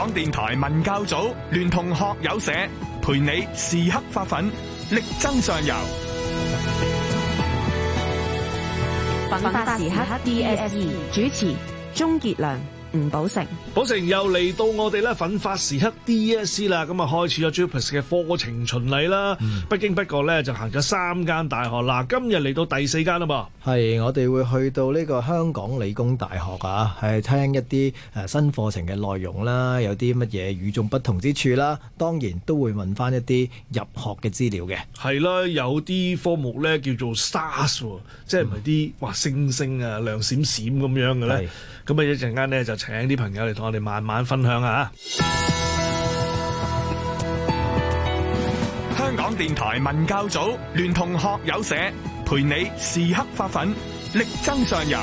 港電台文教組聯同學友社，陪你時刻發奮，力爭上游。奮發時刻 DSE 主持，鍾杰良。吳寶成，寶成又嚟到我哋咧，奮發時刻 DSE 啦，咁啊開始咗 JUPAS 嘅課程巡禮啦。嗯、不經不覺咧就行咗三間大學，嗱今日嚟到第四間啦噃。係我哋會去到呢個香港理工大學啊，係聽一啲誒新課程嘅內容啦，有啲乜嘢與眾不同之處啦，當然都會問翻一啲入學嘅資料嘅。係啦，有啲科目咧叫做 S.A.S.，即係唔係啲哇星星啊亮閃閃咁樣嘅咧，咁啊、嗯、一陣間咧就。請啲朋友嚟，同我哋慢慢分享下。香港電台文教組聯同學友社，陪你時刻發奮，力爭上游。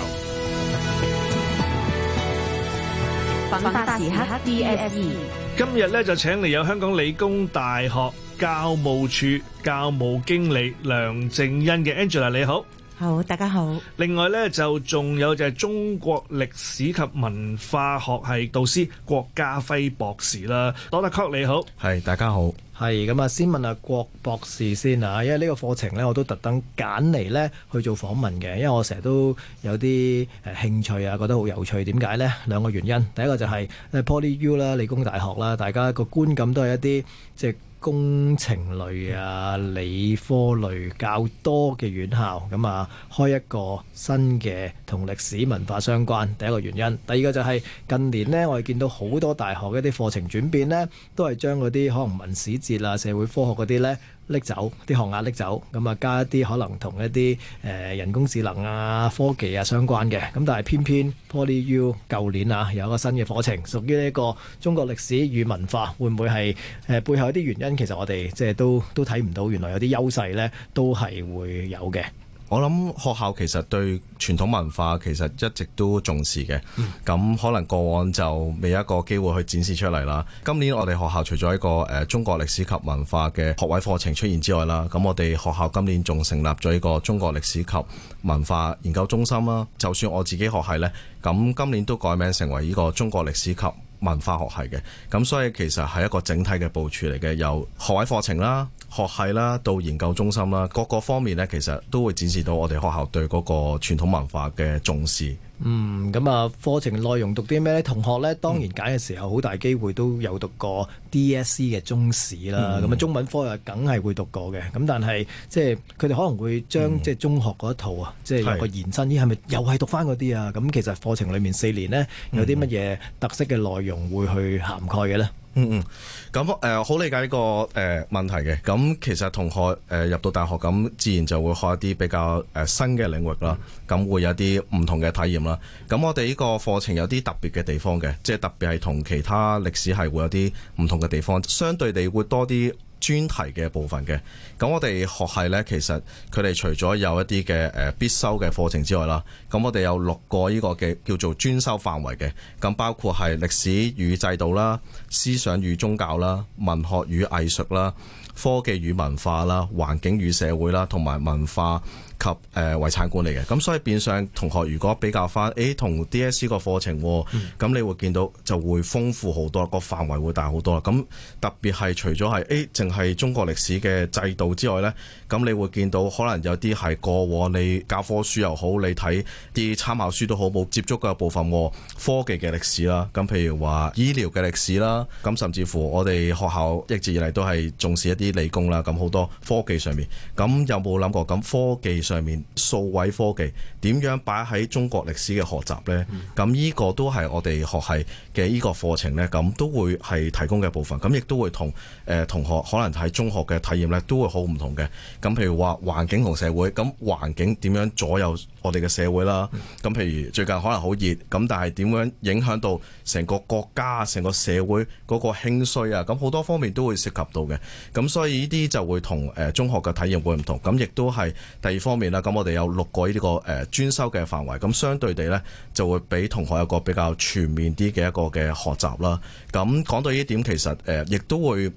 粉粉時刻 DSE，今日咧就請嚟有香港理工大學教務處教務經理梁靜欣嘅 Angela，你好。好，大家好。另外呢，就仲有就係中國歷史及文化學系導師郭嘉輝博士啦，Doctor 你好，係大家好，係咁啊，先問下郭博士先啊，因為呢個課程呢，我都特登揀嚟呢去做訪問嘅，因為我成日都有啲誒興趣啊，覺得好有趣，點解呢？兩個原因，第一個就係 PolyU 啦，理工大學啦，大家個觀感都係一啲即，就是工程類啊、理科類較多嘅院校，咁啊開一個新嘅同歷史文化相關，第一個原因。第二個就係近年呢，我哋見到好多大學嘅一啲課程轉變呢，都係將嗰啲可能文史哲啊、社會科學嗰啲呢。拎走啲學額拎走，咁啊加一啲可能同一啲、呃、人工智能啊科技啊相關嘅，咁但係偏偏 PolyU 舊年啊有一個新嘅課程，屬於呢一個中國歷史與文化，會唔會係、呃、背後一啲原因？其實我哋即係都都睇唔到，原來有啲優勢呢都係會有嘅。我諗學校其實對傳統文化其實一直都重視嘅，咁可能過往就未有一個機會去展示出嚟啦。今年我哋學校除咗一個中國歷史及文化嘅學位課程出現之外啦，咁我哋學校今年仲成立咗一個中國歷史及文化研究中心啦。就算我自己學系呢，咁今年都改名成為呢個中國歷史及文化學系嘅。咁所以其實係一個整體嘅部署嚟嘅，有學位課程啦，學系啦，到研究中心啦，各個方面呢，其實都會展示到我哋學校對嗰個傳統文化嘅重視。嗯，咁啊，課程內容讀啲咩呢？同學呢，當然揀嘅時候，好大機會都有讀過 DSE 嘅中史啦。咁啊、嗯，中文科又梗係會讀過嘅。咁、嗯、但係，即係佢哋可能會將、嗯、即係中學嗰一套啊，即係有個延伸，呢係咪又係讀翻嗰啲啊？咁其實課程裏面四年呢，有啲乜嘢特色嘅內容會去涵蓋嘅呢？嗯嗯，咁誒好理解呢個誒、呃、問題嘅。咁其實同學誒、呃、入到大學咁，自然就會學一啲比較、呃、新嘅領域啦。咁會有啲唔同嘅體驗啦。咁我哋呢個課程有啲特別嘅地方嘅，即係特別係同其他歷史系會有啲唔同嘅地方，相對地會多啲專題嘅部分嘅。咁我哋學系咧，其實佢哋除咗有一啲嘅誒必修嘅課程之外啦，咁我哋有六個呢個嘅叫做專修範圍嘅，咁包括係歷史與制度啦、思想與宗教啦、文學與藝術啦、科技與文化啦、環境與社會啦，同埋文化及誒、呃、遺產管理嘅。咁所以變相同學如果比較翻，誒同 DSE 個課程喎，咁你會見到就會豐富好多，個範圍會大好多啦。咁特別係除咗係誒淨係中國歷史嘅制度，之外呢，咁你會見到可能有啲係過往你教科書又好，你睇啲參考書都好，冇接觸嘅部分、哦、科技嘅歷史啦。咁譬如話醫療嘅歷史啦，咁甚至乎我哋學校一直以嚟都係重視一啲理工啦。咁好多科技上面，咁有冇諗過咁科技上面數位科技點樣擺喺中國歷史嘅學習呢？咁呢個都係我哋學系嘅呢個課程呢，咁都會係提供嘅部分，咁亦都會同誒、呃、同學可能喺中學嘅體驗呢，都會。好唔同嘅，咁譬如話環境同社會，咁環境點樣左右我哋嘅社會啦。咁譬如最近可能好熱，咁但係點樣影響到成個國家、成個社會嗰個興衰啊？咁好多方面都會涉及到嘅，咁所以呢啲就會同誒中學嘅體驗會唔同，咁亦都係第二方面啦。咁我哋有六個呢個誒專修嘅範圍，咁相對地咧就會俾同學有一個比較全面啲嘅一個嘅學習啦。咁講到呢一點，其實誒亦都會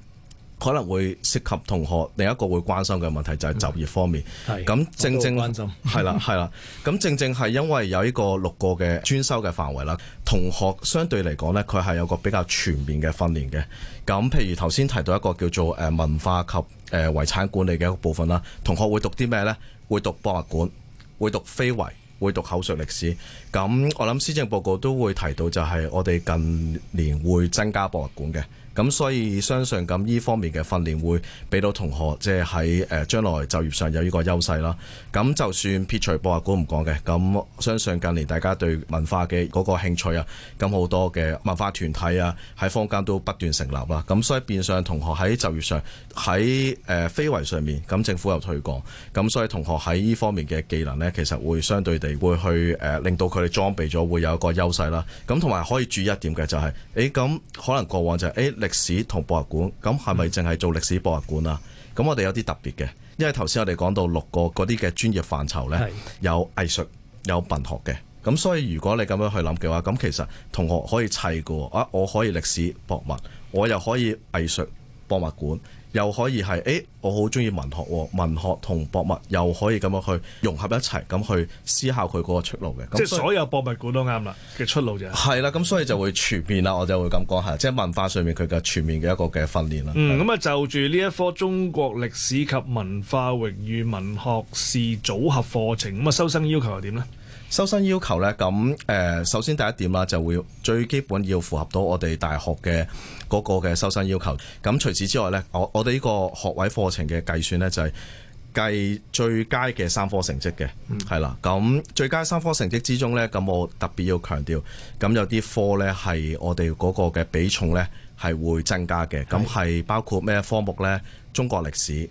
可能會涉及同學，另一個會關心嘅問題就係就業方面。咁、嗯、正正係啦，係啦。咁 正正係因為有呢個六個嘅專修嘅範圍啦，同學相對嚟講呢，佢係有一個比較全面嘅訓練嘅。咁譬如頭先提到一個叫做誒文化及誒遺產管理嘅一個部分啦，同學會讀啲咩呢？會讀博物館，會讀非遺，會讀口述歷史。咁我諗，施政報告都會提到就係我哋近年會增加博物館嘅。咁所以相信咁依方面嘅訓練會俾到同學即係喺誒將來就業上有呢個優勢啦。咁就算撇除博物館唔講嘅，咁相信近年大家對文化嘅嗰個興趣啊，咁好多嘅文化團體啊，喺坊間都不斷成立啦。咁所以變相同學喺就業上喺誒非遺上面，咁政府又推廣，咁所以同學喺依方面嘅技能咧，其實會相對地會去誒令到佢哋裝備咗會有一個優勢啦。咁同埋可以注意一點嘅就係誒咁可能過往就係誒歷史同博物館，咁係咪淨係做歷史博物館啊？咁我哋有啲特別嘅，因為頭先我哋講到六個嗰啲嘅專業範疇呢，有藝術、有文學嘅，咁所以如果你咁樣去諗嘅話，咁其實同學可以砌嘅，啊，我可以歷史博物，我又可以藝術博物館。又可以係，誒，我好中意文學喎，文學同博物又可以咁樣去融合一齊，咁去思考佢嗰個出路嘅。即係所有博物館都啱啦，嘅出路就係。係啦，咁所以就會全面啦，我就會咁講下，即係文化上面佢嘅全面嘅一個嘅訓練啦。嗯，咁啊就住呢一科中國歷史及文化榮譽文學士組合課程，咁啊收生要求又點咧？收生要求呢，咁誒首先第一點啦，就會最基本要符合到我哋大學嘅嗰個嘅收生要求。咁除此之外呢，我我哋呢個學位課程嘅計算呢，就係計最佳嘅三科成績嘅，係啦、嗯。咁最佳三科成績之中呢，咁我特別要強調，咁有啲科呢係我哋嗰個嘅比重呢係會增加嘅。咁係的包括咩科目呢？中國歷史、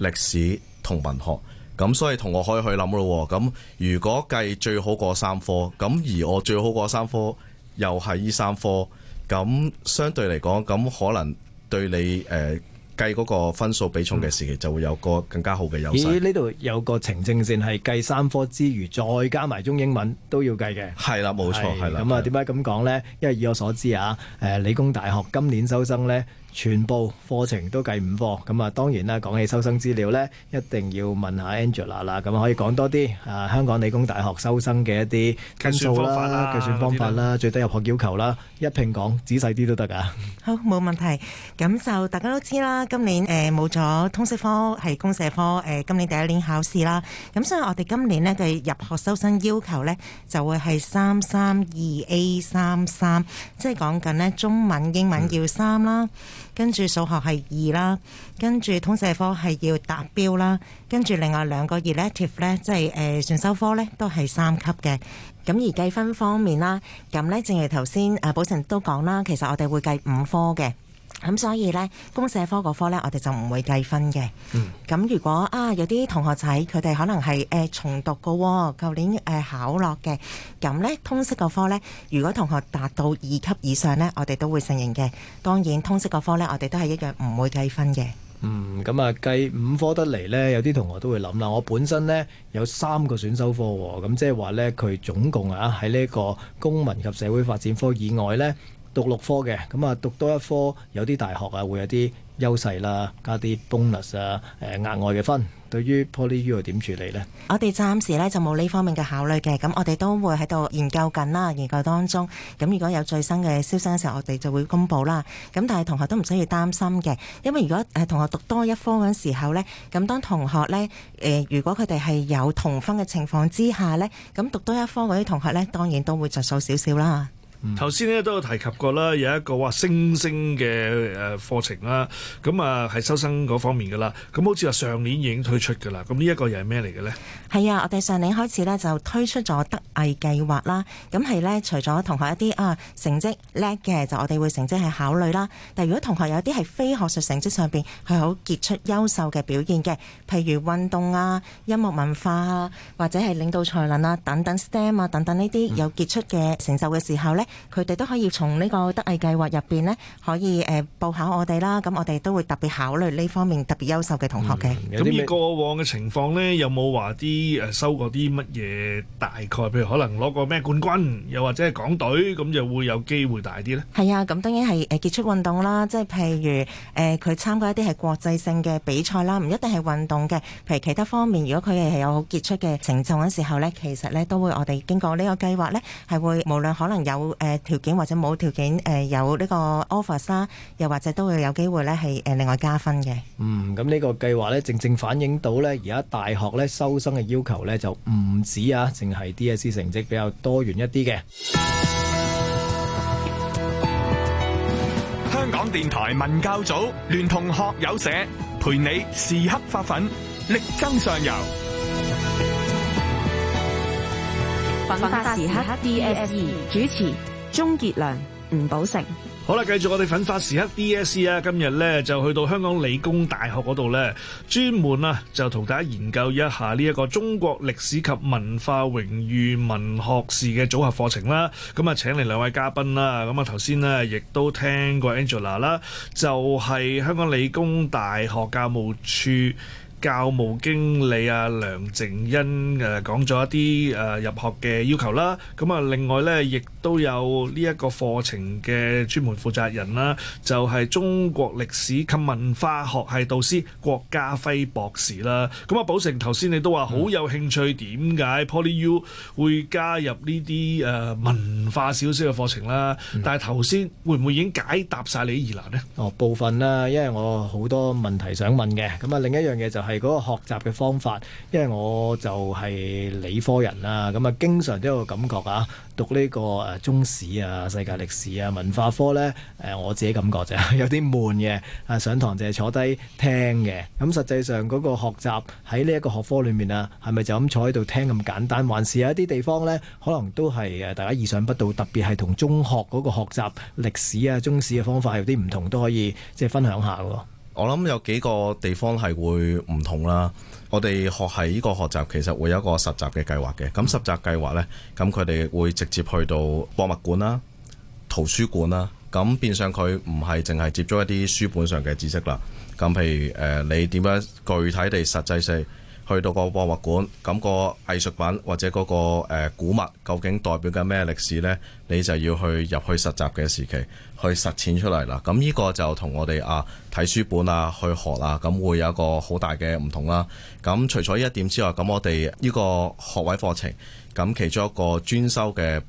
歷史同文學。咁所以同學可以去諗咯喎，咁如果計最好過三科，咁而我最好過三科又係依三科，咁相對嚟講，咁可能對你、呃、計嗰個分數比重嘅時期就會有個更加好嘅優勢。咦、嗯？呢度有個澄清先，係計三科之餘，再加埋中英文都要計嘅。係啦，冇錯，係啦的。咁啊的，點解咁講呢？因為以我所知啊，誒、呃、理工大學今年收生呢。全部課程都計五科，咁啊，當然啦，講起收生資料呢，一定要問下 Angela 啦，咁可以講多啲啊，香港理工大學收生嘅一啲根數啦，計算方法啦，最低入學要求啦，一拼講仔細啲都得噶。好，冇問題。咁就大家都知啦，今年誒冇咗通識科係公社科，誒、呃、今年第一年考試啦。咁所以我哋今年呢，嘅入學收生要求呢，就會係三三二 A 三三，即係講緊呢，中文英文要三啦。跟住數學係二啦，跟住通識科係要達標啦，跟住另外兩個 elective 呢、就是，即係誒選修科呢，都係三級嘅。咁而計分方面啦，咁呢，正如頭先誒寶成都講啦，其實我哋會計五科嘅。咁所以呢，公社科嗰科呢，我哋就唔會計分嘅。咁、嗯、如果啊，有啲同學仔佢哋可能係、呃、重讀個喎、哦，舊年、呃、考落嘅，咁呢，通識嗰科呢，如果同學達到二級以上呢，我哋都會承認嘅。當然，通識嗰科呢，我哋都係一樣唔會計分嘅、嗯。嗯，咁啊計五科得嚟呢，有啲同學都會諗啦。我本身呢，有三個選修科喎、哦，咁即係話呢，佢總共啊喺呢個公民及社會發展科以外呢。讀六科嘅，咁啊讀多一科，有啲大學啊會有啲優勢啦，加啲 bonus 啊、呃，誒額外嘅分。對於 PolyU 係點處理呢？我哋暫時呢，就冇呢方面嘅考慮嘅，咁我哋都會喺度研究緊啦，研究當中。咁如果有最新嘅消息嘅時候，我哋就會公布啦。咁但係同學都唔使要擔心嘅，因為如果誒同學讀多一科嗰陣時候呢，咁當同學呢，誒、呃、如果佢哋係有同分嘅情況之下呢，咁讀多一科嗰啲同學呢，當然都會着數少少啦。頭先咧都有提及過啦，有一個話星星嘅誒課程啦，咁啊係收生嗰方面㗎啦。咁好似話上年已經推出㗎啦。咁呢一個又係咩嚟嘅呢？係啊，我哋上年開始咧就推出咗德藝計劃啦。咁係咧，除咗同學一啲啊成績叻嘅，就我哋會成績係考慮啦。但係如果同學有啲係非學術成績上面係好傑出、優秀嘅表現嘅，譬如運動啊、音樂文化啊，或者係領導才能啊等等、STEM 啊等等呢啲有傑出嘅成就嘅時候咧。嗯佢哋都可以從呢個德藝計劃入邊呢，可以誒、呃、報考我哋啦。咁我哋都會特別考慮呢方面特別優秀嘅同學嘅。咁、嗯、以過往嘅情況呢，有冇話啲誒收過啲乜嘢？大概譬如可能攞過咩冠軍，又或者係港隊，咁就會有機會大啲呢？係啊，咁當然係誒傑出運動啦，即係譬如誒佢、呃、參加一啲係國際性嘅比賽啦，唔一定係運動嘅。譬如其他方面，如果佢係有好傑出嘅成就嘅時候呢，其實呢都會我哋經過呢個計劃呢，係會無論可能有。誒，條件或者冇條件誒，有呢個 offer 啦，又或者都會有機會咧，係誒另外加分嘅。嗯，咁呢個計劃咧，正正反映到咧，而家大學咧收生嘅要求咧，就唔止啊，淨係 DSE 成績比較多元一啲嘅。香港電台文教組聯同學友社陪你時刻發奮，力爭上游。奮發時刻 DSE 主持。鍾杰良、吳寶成，好啦，繼續我哋奮發時刻 DSE 啊！今日咧就去到香港理工大學嗰度咧，專門啊就同大家研究一下呢一個中國歷史及文化榮譽文學士嘅組合課程啦。咁啊，請嚟兩位嘉賓啦。咁啊，頭先呢，亦都聽過 Angela 啦，就係香港理工大學教務處。教務經理啊梁靜欣誒講咗一啲誒入學嘅要求啦，咁啊另外咧亦都有呢一個課程嘅專門負責人啦，就係中國歷史及文化學系導師郭嘉輝博士啦。咁啊，保誠頭先你都話好有興趣，點解 PolyU 會加入呢啲誒文化少少嘅課程啦？但係頭先會唔會已經解答曬你疑難咧？哦，部分啦，因為我好多問題想問嘅，咁啊另一樣嘢就係。係嗰個學習嘅方法，因為我就係理科人啦，咁啊經常都有個感覺啊，讀呢個誒中史啊、世界歷史啊、文化科呢，誒我自己感覺就係就有啲悶嘅，啊上堂淨係坐低聽嘅。咁實際上嗰個學習喺呢一個學科裏面啊，係咪就咁坐喺度聽咁簡單？還是有一啲地方呢，可能都係誒大家意想不到，特別係同中學嗰個學習歷史啊、中史嘅方法有啲唔同，都可以即係分享下喎。我諗有幾個地方係會唔同啦。我哋學喺呢個學習其實會有一個實習嘅計劃嘅。咁實習計劃呢，咁佢哋會直接去到博物館啦、圖書館啦。咁變相佢唔係淨係接觸一啲書本上嘅知識啦。咁譬如誒，你點樣具體地實際性？去到個博物館，咁個藝術品或者嗰個誒古物，究竟代表緊咩歷史呢？你就要去入去實習嘅時期去實踐出嚟啦。咁呢個就同我哋啊睇書本啊去學啦，咁會有一個好大嘅唔同啦。咁除咗呢一點之外，咁我哋呢個學位課程，咁其中一個專修嘅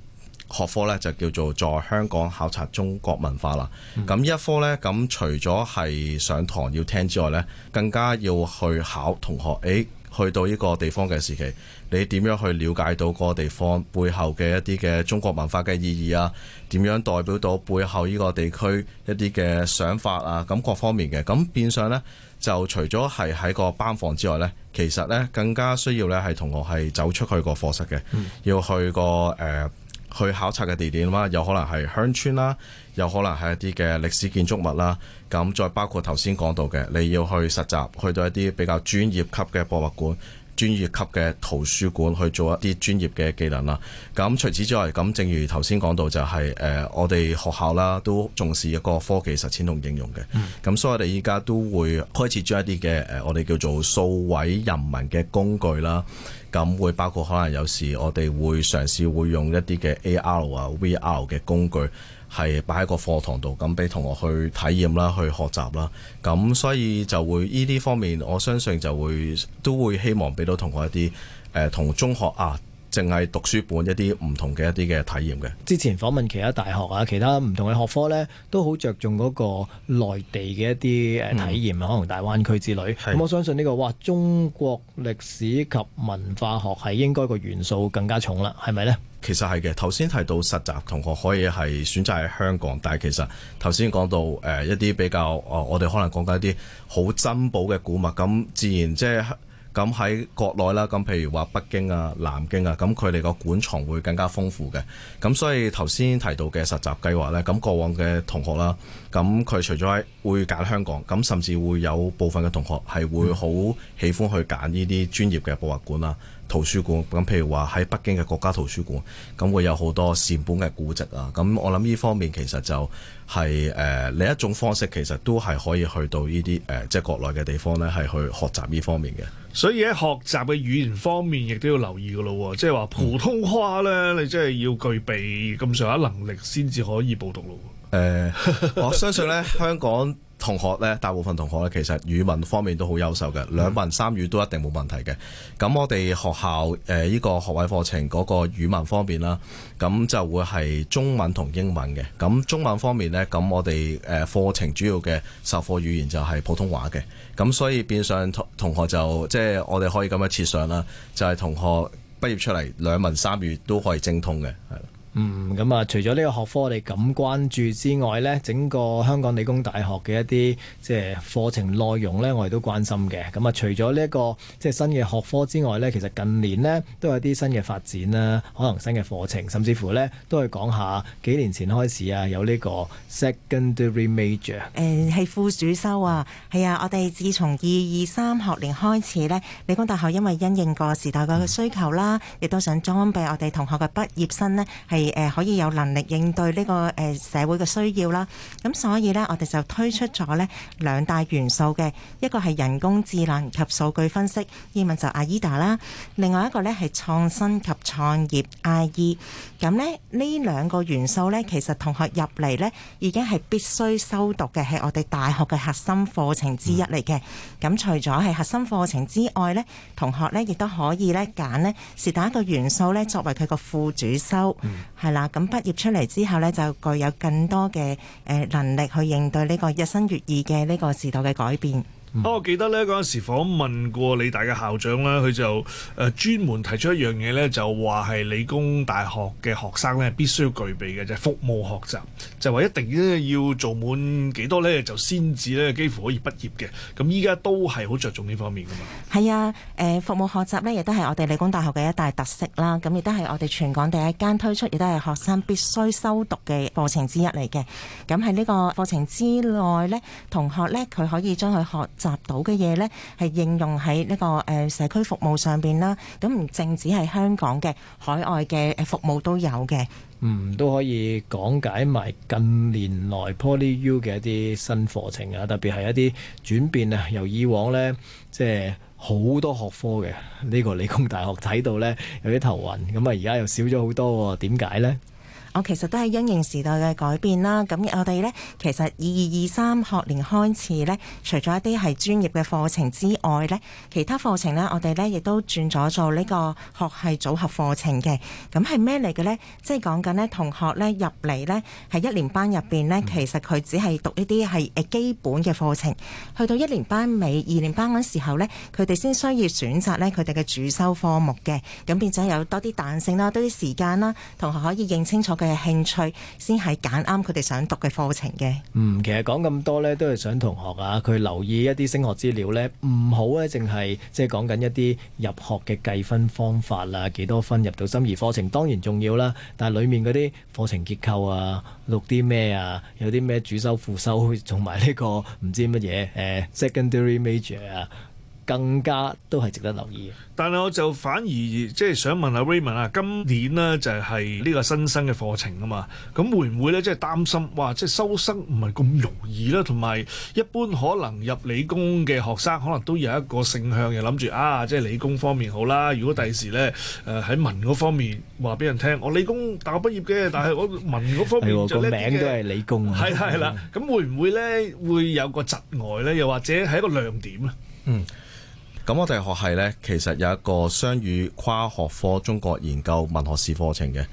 學科呢，就叫做在香港考察中國文化啦。咁呢一科呢，咁除咗係上堂要聽之外呢，更加要去考同學，誒去到呢個地方嘅時期，你點樣去了解到個地方背後嘅一啲嘅中國文化嘅意義啊？點樣代表到背後呢個地區一啲嘅想法啊？咁各方面嘅，咁變相呢，就除咗係喺個班房之外呢，其實呢更加需要呢係同學係走出去個課室嘅，嗯、要去、嗰個誒。呃去考察嘅地點啦，有可能係鄉村啦，有可能係一啲嘅歷史建築物啦。咁再包括頭先講到嘅，你要去實習，去到一啲比較專業級嘅博物館，專業級嘅圖書館去做一啲專業嘅技能啦。咁除此之外，咁正如頭先講到，就係誒，我哋學校啦，都重視一個科技實踐同應用嘅。咁、嗯、所以我哋依家都會開始將一啲嘅誒，我哋叫做數位人文嘅工具啦。咁會包括可能有時我哋會嘗試會用一啲嘅 AR 啊 VR 嘅工具，係擺喺個課堂度，咁俾同學去體驗啦，去學習啦。咁所以就會呢啲方面，我相信就會都會希望俾到同學一啲、呃、同中學啊，淨係讀書本一啲唔同嘅一啲嘅體驗嘅。之前訪問其他大學啊，其他唔同嘅學科呢，都好着重嗰個內地嘅一啲誒體驗啊，嗯、可能大灣區之類。咁是的 我相信呢個，哇！中國歷史及文化學系應該個元素更加重啦，係咪呢？其實係嘅。頭先提到實習同學可以係選擇喺香港，但係其實頭先講到誒一啲比較，我我哋可能講緊一啲好珍寶嘅古物，咁自然即係。咁喺國內啦，咁譬如話北京啊、南京啊，咁佢哋個館藏會更加豐富嘅。咁所以頭先提到嘅實習計劃呢，咁過往嘅同學啦，咁佢除咗會揀香港，咁甚至會有部分嘅同學係會好喜歡去揀呢啲專業嘅博物館啦。圖書館咁，譬如話喺北京嘅國家圖書館，咁會有好多善本嘅古籍啊！咁我諗呢方面其實就係、是、誒、呃、另一種方式，其實都係可以去到呢啲誒即係國內嘅地方呢，係去學習呢方面嘅。所以喺學習嘅語言方面，亦都要留意噶咯，即係話普通話呢，嗯、你真係要具備咁上下能力先至可以報讀咯。誒、呃， 我相信呢香港。同學呢，大部分同學呢，其實語文方面都好優秀嘅，嗯、兩文三語都一定冇問題嘅。咁我哋學校誒呢、呃呢個學位課程嗰個語文方面啦，咁就會係中文同英文嘅。咁中文方面呢，咁我哋誒課程主要嘅授課語言就係普通話嘅。咁所以變相同學就即係、就是、我哋可以咁樣設想啦，就係、是、同學畢業出嚟兩文三語都可以精通嘅，係啦。嗯，咁啊，除咗呢個學科我哋咁關注之外呢，整個香港理工大學嘅一啲即係課程內容呢，我哋都關心嘅。咁啊，除咗呢一個即係、就是、新嘅學科之外呢，其實近年呢都有啲新嘅發展啦、啊，可能新嘅課程，甚至乎呢都係講下幾年前開始啊，有呢個 secondary major。誒、嗯，係副主修啊，係啊，我哋自從二二三學年開始呢，理工大學因為因應個時代嘅需求啦、啊，亦都想裝備我哋同學嘅畢業生呢。係。誒，可以有能力應對呢個誒社會嘅需要啦。咁所以呢，我哋就推出咗呢兩大元素嘅，一個係人工智能及數據分析，英文就 AIDA 啦；另外一個呢係創新及創業，IE。咁呢呢兩個元素呢，其實同學入嚟呢已經係必須修讀嘅，係我哋大學嘅核心課程之一嚟嘅。咁除咗係核心課程之外呢，同學呢亦都可以呢揀呢是但一個元素呢，作為佢個副主修。係啦，咁畢業出嚟之後呢，就具有更多嘅誒能力去應對呢個日新月異嘅呢個時代嘅改變。嗯、啊！我記得呢嗰陣時訪問過理大嘅校長啦，佢就誒、呃、專門提出一樣嘢呢，就話係理工大學嘅學生呢，必須要具備嘅就係、是、服務學習，就話一定要做滿幾多呢，就先至呢幾乎可以畢業嘅。咁依家都係好着重呢方面㗎嘛？係啊，誒、呃、服務學習呢，亦都係我哋理工大學嘅一大特色啦。咁亦都係我哋全港第一間推出，亦都係學生必須修讀嘅課程之一嚟嘅。咁喺呢個課程之內呢，同學呢，佢可以將佢學集到嘅嘢呢，係應用喺呢個誒社區服務上邊啦。咁唔淨止係香港嘅，海外嘅服務都有嘅。嗯，都可以講解埋近年來 PolyU 嘅一啲新課程啊，特別係一啲轉變啊。由以往呢，即係好多學科嘅呢個理工大學睇到呢，有啲頭暈。咁啊，而家又少咗好多，點解呢？我其實都係因應時代嘅改變啦，咁我哋呢，其實二二二三學年開始呢，除咗一啲係專業嘅課程之外呢，其他課程呢，我哋呢亦都轉咗做呢個學系組合課程嘅。咁係咩嚟嘅呢？即係講緊呢，同學呢入嚟呢，喺一年班入邊呢，嗯、其實佢只係讀呢啲係基本嘅課程。去到一年班尾、二年班嗰時候呢，佢哋先需要選擇呢佢哋嘅主修科目嘅。咁變咗有多啲彈性啦，多啲時間啦，同學可以認清楚。佢嘅興趣先係揀啱佢哋想讀嘅課程嘅。嗯，其實講咁多呢，都係想同學啊，佢留意一啲升學資料呢，唔好呢，淨係即係講緊一啲入學嘅計分方法啦，幾多分入到心儀課程當然重要啦，但係裡面嗰啲課程結構啊，錄啲咩啊，有啲咩主修副修，同埋呢個唔知乜嘢誒 Secondary Major 啊。更加都係值得留意。但係我就反而即係想問下 Raymond 啊，今年咧就係呢個新生嘅課程啊嘛，咁會唔會咧即係擔心哇，即係收生唔係咁容易咧？同埋一般可能入理工嘅學生，可能都有一個性向，又諗住啊，即係理工方面好啦。如果第時咧，誒喺文嗰方面話俾人聽，我理工大學畢業嘅，但係我文嗰方面就叻嘅。個名都係理工，係啦係啦。咁會唔會咧會有個窒礙咧？又或者係一個亮點咧？嗯。咁我哋學系呢，其實有一個雙語跨學科中國研究文學士課程嘅。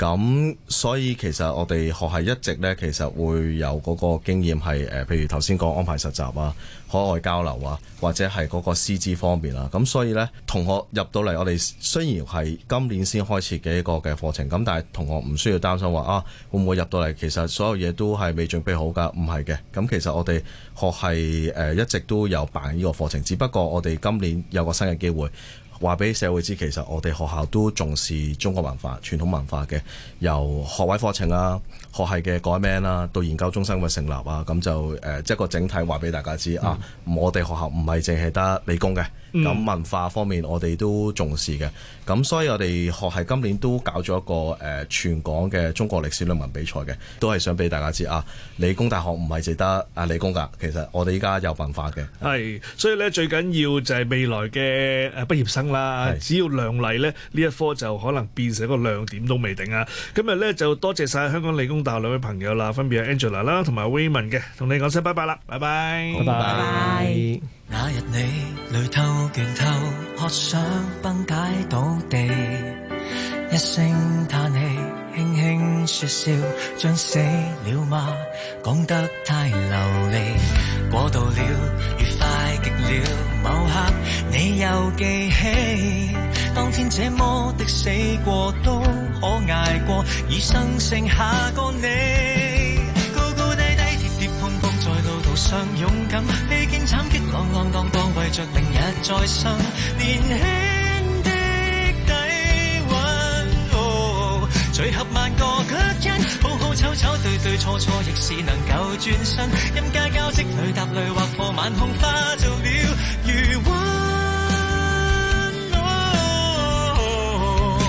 咁所以其實我哋學系一直呢，其實會有嗰個經驗係、呃、譬如頭先講安排實習啊、海外交流啊，或者係嗰個師資方面啦、啊。咁所以呢，同學入到嚟，我哋雖然係今年先開始嘅一個嘅課程，咁但係同學唔需要擔心話啊，會唔會入到嚟？其實所有嘢都係未準備好㗎，唔係嘅。咁其實我哋學系呃一直都有辦呢個課程，只不過我哋今年有個新嘅機會。話俾社會知，其實我哋學校都重視中國文化、傳統文化嘅，由學位課程啊、學系嘅改名啊，到研究中心嘅成立啊，咁就誒，即係個整體話俾大家知、嗯、啊，我哋學校唔係淨係得理工嘅。咁、嗯、文化方面我哋都重視嘅，咁所以我哋學系今年都搞咗一個誒、呃、全港嘅中國歷史論文比賽嘅，都係想俾大家知啊，理工大學唔係淨得啊理工噶，其實我哋依家有文化嘅。係，所以咧最緊要就係未來嘅誒畢業生啦，是只要亮麗咧呢一科就可能變成一個亮點都未定啊。今日咧就多謝晒香港理工大學兩位朋友啦，分別係 Angela 啦同埋 Raymond 嘅，同你講聲拜拜啦，拜拜。拳頭喝上崩解倒地，一聲嘆氣，輕輕說笑，將死了嗎？講得太流利，過度了，愉快極了。某刻你又記起，當天這麼的死過都可挨過，已生剩下個你，高高低低跌跌碰碰在路途上勇敢。再生年輕的底蘊，聚、哦、合萬個吸引，好好醜醜，對對錯錯，錯錯亦是能夠轉身。音階交織裏，搭雷劃破晚空花，化作了餘溫、哦。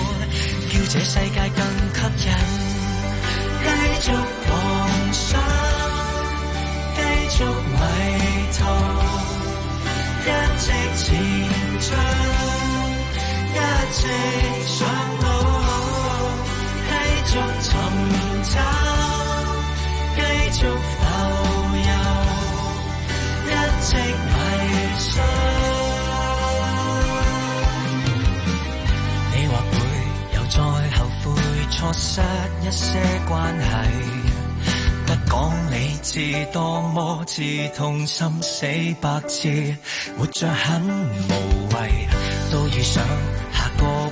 叫這世界更吸引。上路，繼續尋找，繼續浮游，一直迷失你說。你或會有再後悔錯失一些關係，不講理智多麼刺痛，心死百次，活着很無謂，都遇上。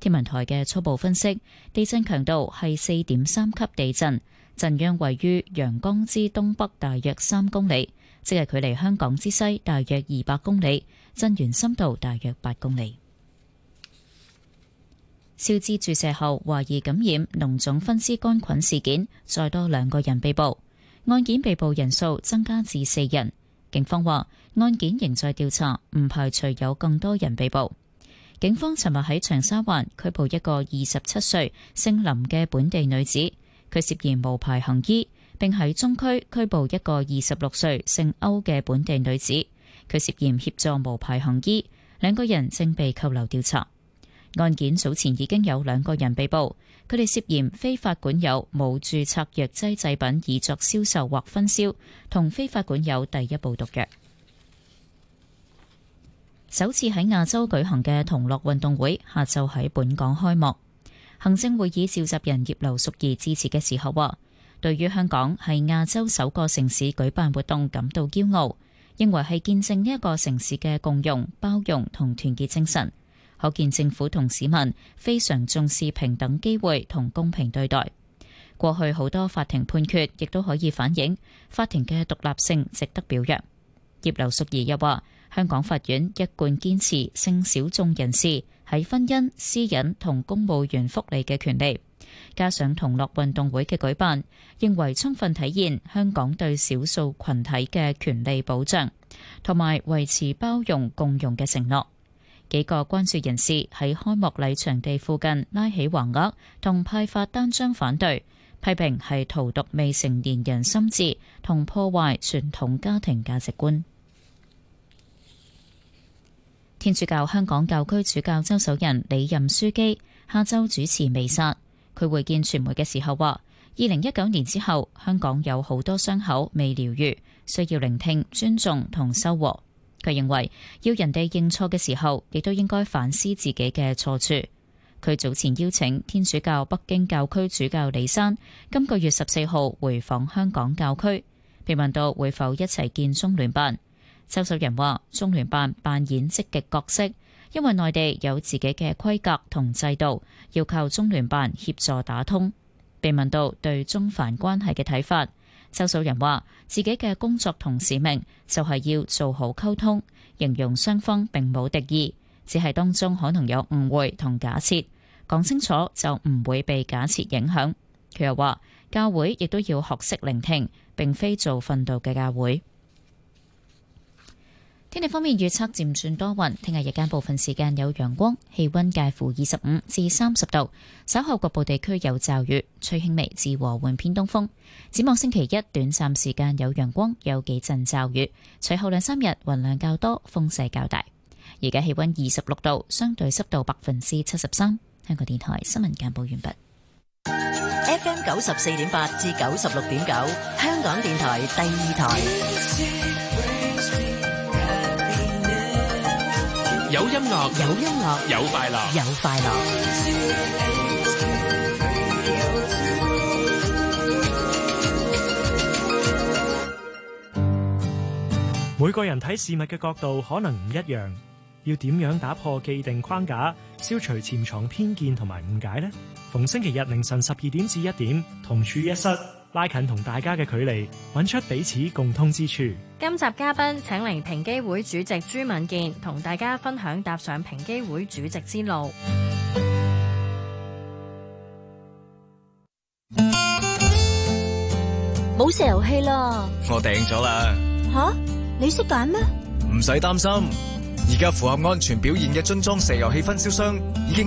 天文台嘅初步分析，地震強度係四點三級地震，震央位於陽江之東北，大約三公里，即係距離香港之西大約二百公里，震源深度大約八公里。消脂注射後懷疑感染膿腫分枝桿菌事件，再多兩個人被捕，案件被捕人數增加至四人。警方話案件仍在調查，唔排除有更多人被捕。警方尋日喺長沙灣拘捕一個二十七歲姓林嘅本地女子，佢涉嫌無牌行醫；並喺中區拘捕一個二十六歲姓歐嘅本地女子，佢涉嫌協助無牌行醫。兩個人正被扣留調查。案件早前已經有兩個人被捕，佢哋涉嫌非法管有無註冊藥劑製品以作銷售或分銷，同非法管有第一部毒藥。首次喺亞洲舉行嘅同樂運動會下晝喺本港開幕。行政會議召集人葉劉淑儀致辭嘅時候話，對於香港係亞洲首個城市舉辦活動感到驕傲，認為係見證呢一個城市嘅共融、包容同團結精神，可見政府同市民非常重視平等機會同公平對待。過去好多法庭判決亦都可以反映法庭嘅獨立性，值得表揚。葉劉淑儀又話。香港法院一貫堅持性小眾人士喺婚姻、私隱同公務員福利嘅權利，加上同樂運動會嘅舉辦，認為充分體現香港對少數群體嘅權利保障，同埋維持包容共融嘅承諾。幾個關注人士喺開幕禮場地附近拉起橫額同派發單張反對批評，係荼毒未成年人心智同破壞傳統家庭價值觀。天主教香港教區主教周守仁履任樞機下周主持彌撒，佢會見傳媒嘅時候話：二零一九年之後，香港有好多傷口未療愈，需要聆聽、尊重同收穫。佢認為，要人哋認錯嘅時候，亦都應該反思自己嘅錯處。佢早前邀請天主教北京教區主教李山今個月十四號回訪香港教區，被問到會否一齊見中聯辦。周守仁話：中聯辦扮演積極角色，因為內地有自己嘅規格同制度，要靠中聯辦協助打通。被問到對中梵關係嘅睇法，周守仁話：自己嘅工作同使命就係要做好溝通，形容雙方並冇敵意，只係當中可能有誤會同假設，講清楚就唔會被假設影響。佢又話：教會亦都要學識聆聽，並非做奮鬥嘅教會。天氣方面預測漸轉多雲，聽日日間部分時間有陽光，氣溫介乎二十五至三十度，稍後局部地區有驟雨，吹輕微至和緩偏東風。展望星期一短暫時間有陽光，有幾陣驟雨，隨後兩三日雲量較多，風勢較大。而家氣溫二十六度，相對濕度百分之七十三。香港電台新聞簡報完畢。FM 九十四點八至九十六點九，香港電台第二台。 有音樂，有音樂，有快樂，有快樂。每個人睇事物嘅角度可能唔一樣，要點樣打破既定框架，消除潛藏偏見同埋誤解呢？逢星期日凌晨十二點至一點，同處一室。拉近同大家嘅距離，搵出彼此共通之處。今集嘉賓請嚟平機會主席朱敏健，同大家分享踏上平機會主席之路。冇石油氣咯，我訂咗啦。吓，你識揀咩？唔使擔心，而家符合安全表現嘅樽裝石油氣分銷商已經冇。